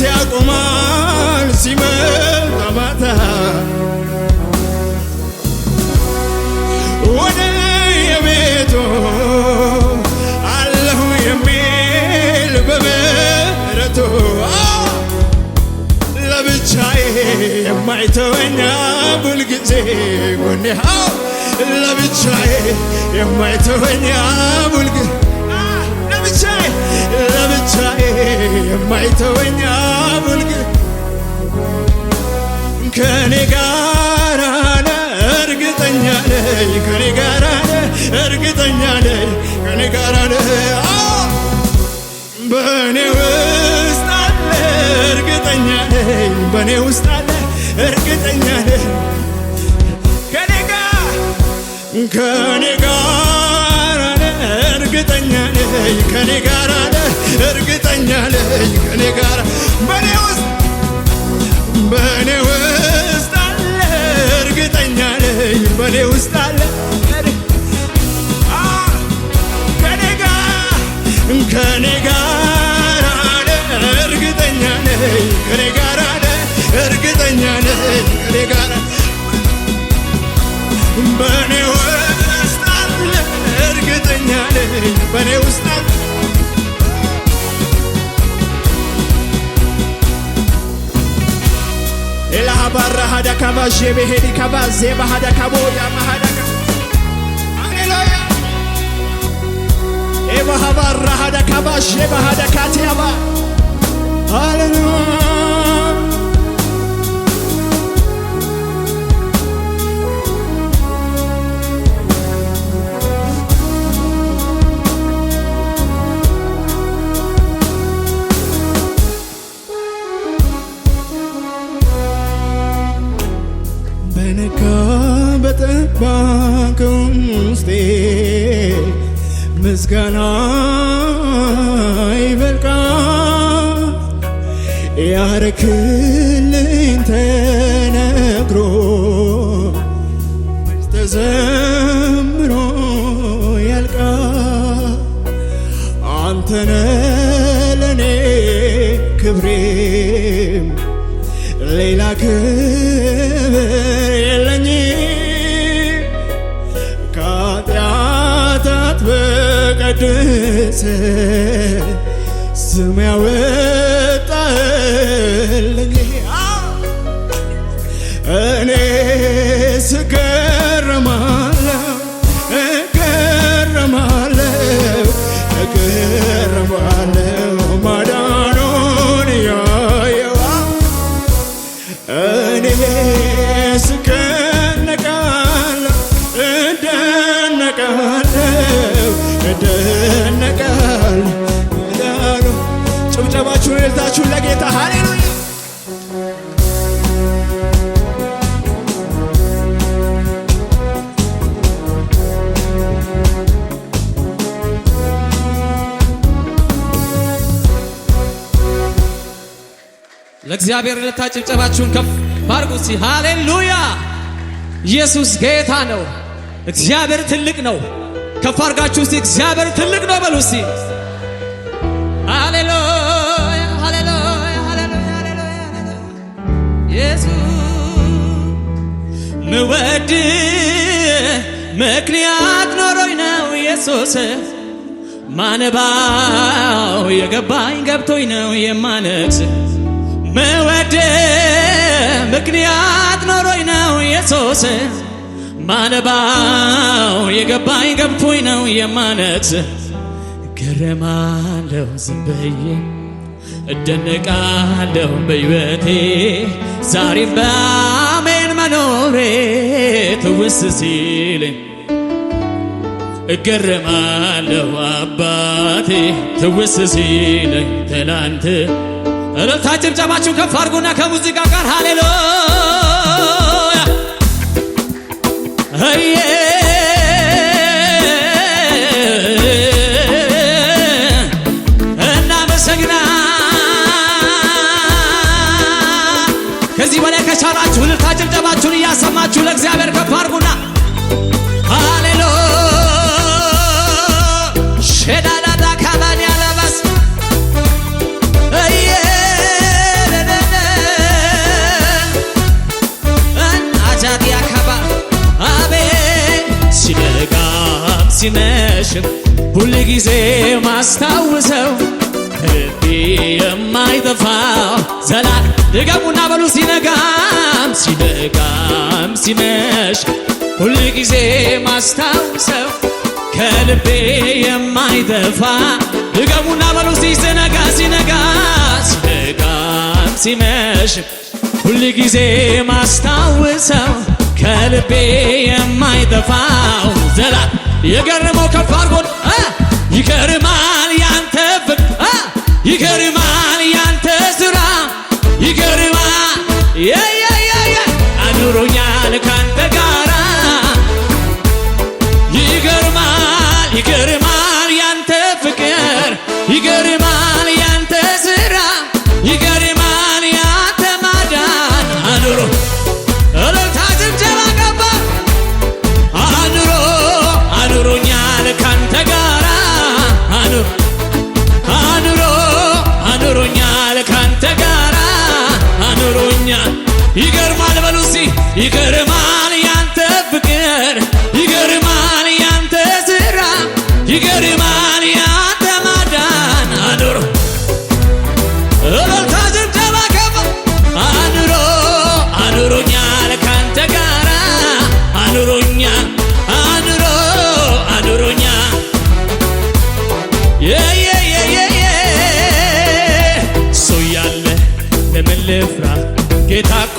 መምጣት ያቆማል ሲመጣ ማታ ወደ የቤቱ አለሁ የሚል በምሕረቱ ለብቻዬ የማይተወኛ ሁልጊዜ ጎኔ ለብቻዬ የማይተወኛ ሁልጊዜ ለብቻዬ የማይተወኝ ከኔ ጋር አለ እርግጠኛ ነኝ ከኔ ጋር አለ እርግጠኛ ነኝ ከኔ ጋር አለ በእኔ ውስጥ አለ እርግጠኛ ነኝ በእኔ ውስጥ አለ እርግጠኛ ነኝ ከኔ ጋር ነኝ ከኔ ጋር በኔ kabara hada kava jebe hedi kava zeba hada kaboya mahada Hallelujah Eva hava rahada kava jeba hada katiaba Hallelujah ምስጋና ይበልቃ ያረክልኝ ተነግሮ ተዘምሮ ያልቃ አንተነ ለኔ ክብሬም ሌላ ስም ያወ እግዚአብሔር ለታ ጭብጨባችሁን ከፍ አድርጉ። ሲ ሃሌሉያ! ኢየሱስ ጌታ ነው። እግዚአብሔር ትልቅ ነው። ከፍ አርጋችሁ ሲ እግዚአብሔር ትልቅ ነው በሉ ሲ ምወድ ምክንያት ኖሮኝ ነው ኢየሱስ ማነባው የገባኝ ገብቶኝ ነው የማነግስ መወደ ምክንያት ኖሮኝ ነው ኢየሱስ ማነባው የገባኝ ገብቶኝ ነው የማነት ገረማለሁ ዝም ብዬ እደነቃለሁ በሕይወቴ ዛሬም በአሜን መኖሬ ትውስ ሲለኝ እገረማለሁ አባቴ ትውስ ሲለኝ ትላንት እልልታ ጭብጨባችሁን ከፍ አድርጉና ከሙዚቃ ጋር ሃሌሉያ የማስታውሰው ልቤ የማይጠፋው ዘላል ድገሙና በሉ ሲነጋም ሲነጋም ሲመሽ ሁል ጊዜ ማስታውሰው ከልቤ የማይጠፋ ድገሙና በሉ ሲነጋ ሲነጋ ሲነጋም ሲመሽ ሁል ጊዜ ማስታውሰው ከልቤ የማይጠፋው ዘላል የገረመው ከፍ አድርጎ ይገርማ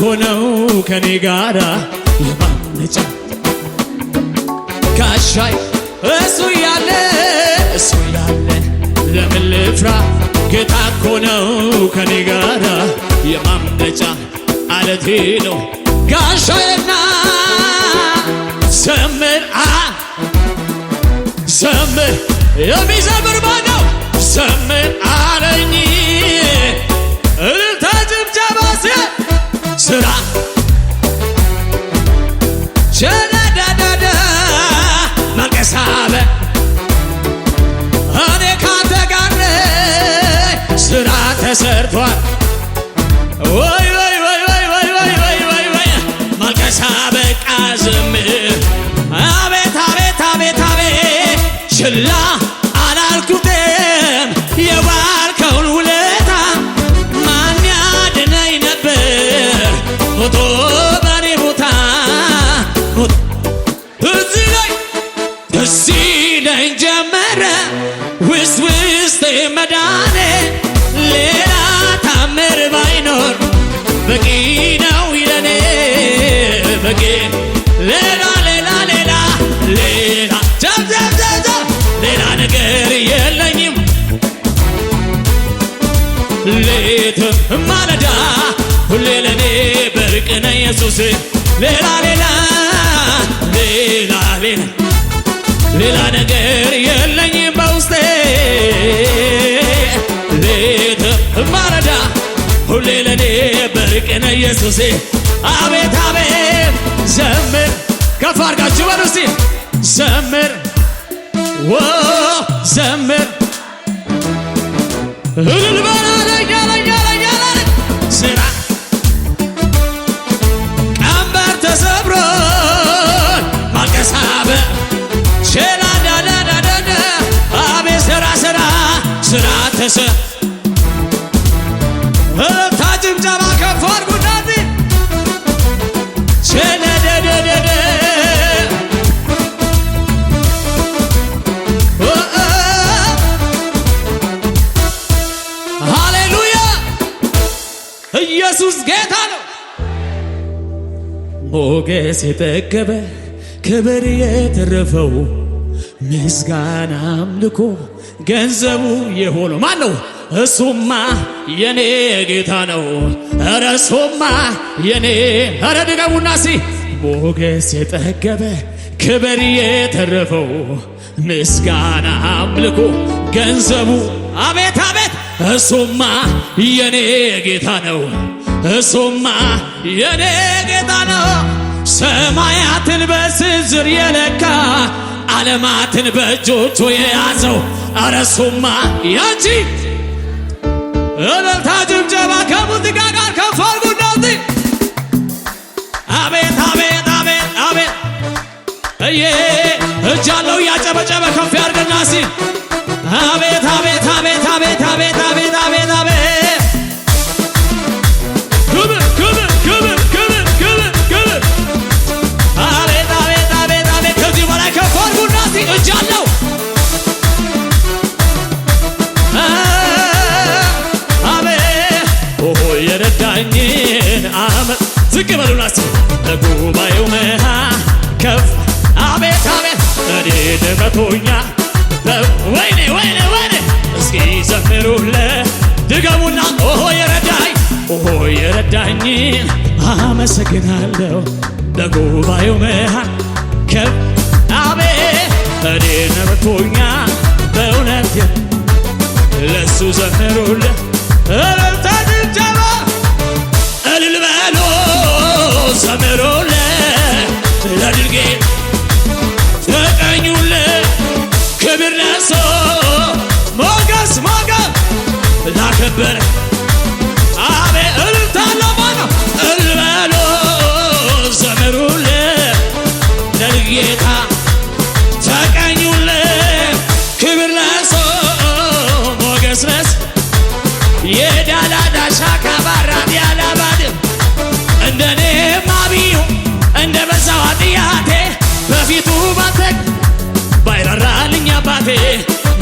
እኮ ነው ከኔ ጋራ የማምለጫ ጋሻዬ እሱ ያለ እሱ ያለ ለምን ልፍራ? ጌታ እኮ ነው ከኔ ጋራ የማምለጫ አለቴ ነው ጋሻዬና ዘምር ዘምር የሚዘምር ማነው? ዘምር አለኝ Shut up. ኢየሱስ ሌላ ሌላ ሌላ ሌላ ሌላ ነገር የለኝም በውስጤ ሌት ማረዳ ሁሌ ለኔ በርቅነ ኢየሱሴ አቤት አቤት ዘምር ከፍ አድርጋችሁ በሉ እስቲ ዘምር ወ ዘምር እልልበ ሞገስ የጠገበ ክብር የተረፈው ምስጋና አምልኮ ገንዘቡ የሆነው ማን ነው? እሱማ የኔ ጌታ ነው። ኧረ እሱማ የኔ ኧረ ድገሙና ሲ ሞገስ የጠገበ ክብር የተረፈው ምስጋና አምልኮ ገንዘቡ አቤት አቤት እሱማ የኔ ጌታ ነው። እሱማ የኔ ጌታ ነው። ሰማያትን በስንዝር የለካ ዓለማትን በእጆቹ የያዘው አረ እሱማ ያንቺ እልልታ ጭብጨባ ከሙዚቃ ጋር ከፍ አድርጉ እንደዚህ አቤት አቤት አቤት አቤት እዬ እጅ ያለው እያጨበጨበ ከፍ ያርገና ሲል አቤት አቤት አቤት አቤት አቤት አቤት የረዳኝ አመሰግናለሁ በጉባኤው መሃል ከብ አቤ እኔ ነርቶኛ በእውነት ለሱ ዘምሩለ እልልታ ጭብጨባ እልል በሉ ዘምሩለ ለድልጌ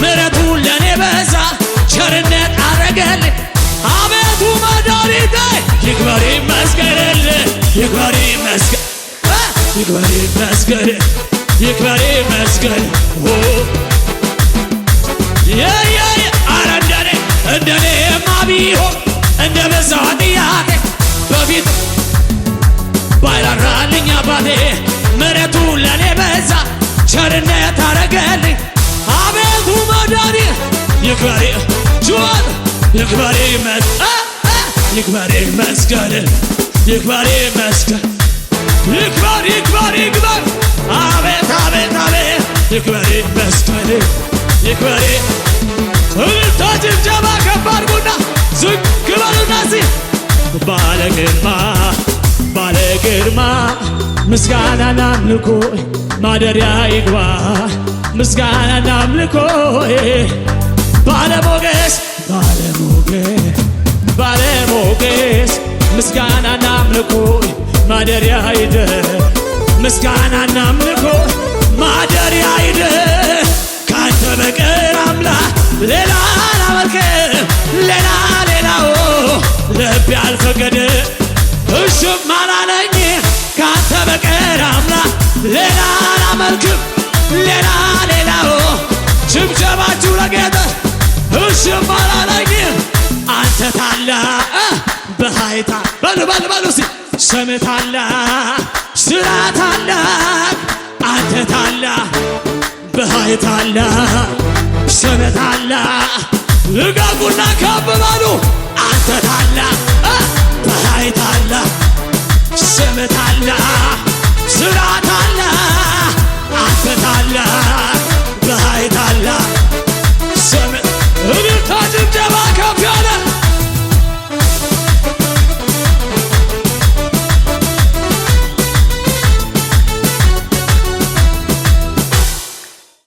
ምረቱ ለኔ በዛ ቸርነት አረገል አቤቱ መድኃኒቴ ይክበር ይመስገንል ይክበር ይመስገን ይክበር ይመስገን ይክበር ይመስገን የየየ አረ እንደኔ እንደኔማ ቢሆን እንደ በዛዋ ጥያቄ በፊት ባይራራልኝ አባቴ ምረቱ ለኔ በዛ ቸርነት አረገልኝ ይግበሬ ጆን ይግበሬ መስ ይግበሬ መስገን ይግበሬ መስገን ይግበር ይግበር አቤት አቤት አቤት ይግበሬ መስገን ይግበሬ እልልታ ጭብጨባ ከባድ ቡና ዝቅ በሉና ሲ ባለግርማ ባለግርማ ምስጋናና አምልኮ ማደሪያ ይግባ ምስጋናና አምልኮ ባለሞገስ ባለሞገስ ባለሞገስ ምስጋናና አምልኮ ማደሪያ ይደ ምስጋናና አምልኮ ማደሪያ ይደ ካንተ በቀር አምላክ ሌላ አላመልክም ሌላ ሌላው ልብ ያልፈቀደ እሽም አላለኝ ካንተ በቀር አምላክ ሌላ አላመልክም ሌላ ጌታ በሉ በሉ በሉ ሲ ስም ታላቅ ስራ ታላቅ አንተ ታላቅ በሃይ ታላቅ ስም ታላቅ ልቀቁና ከብ በሉ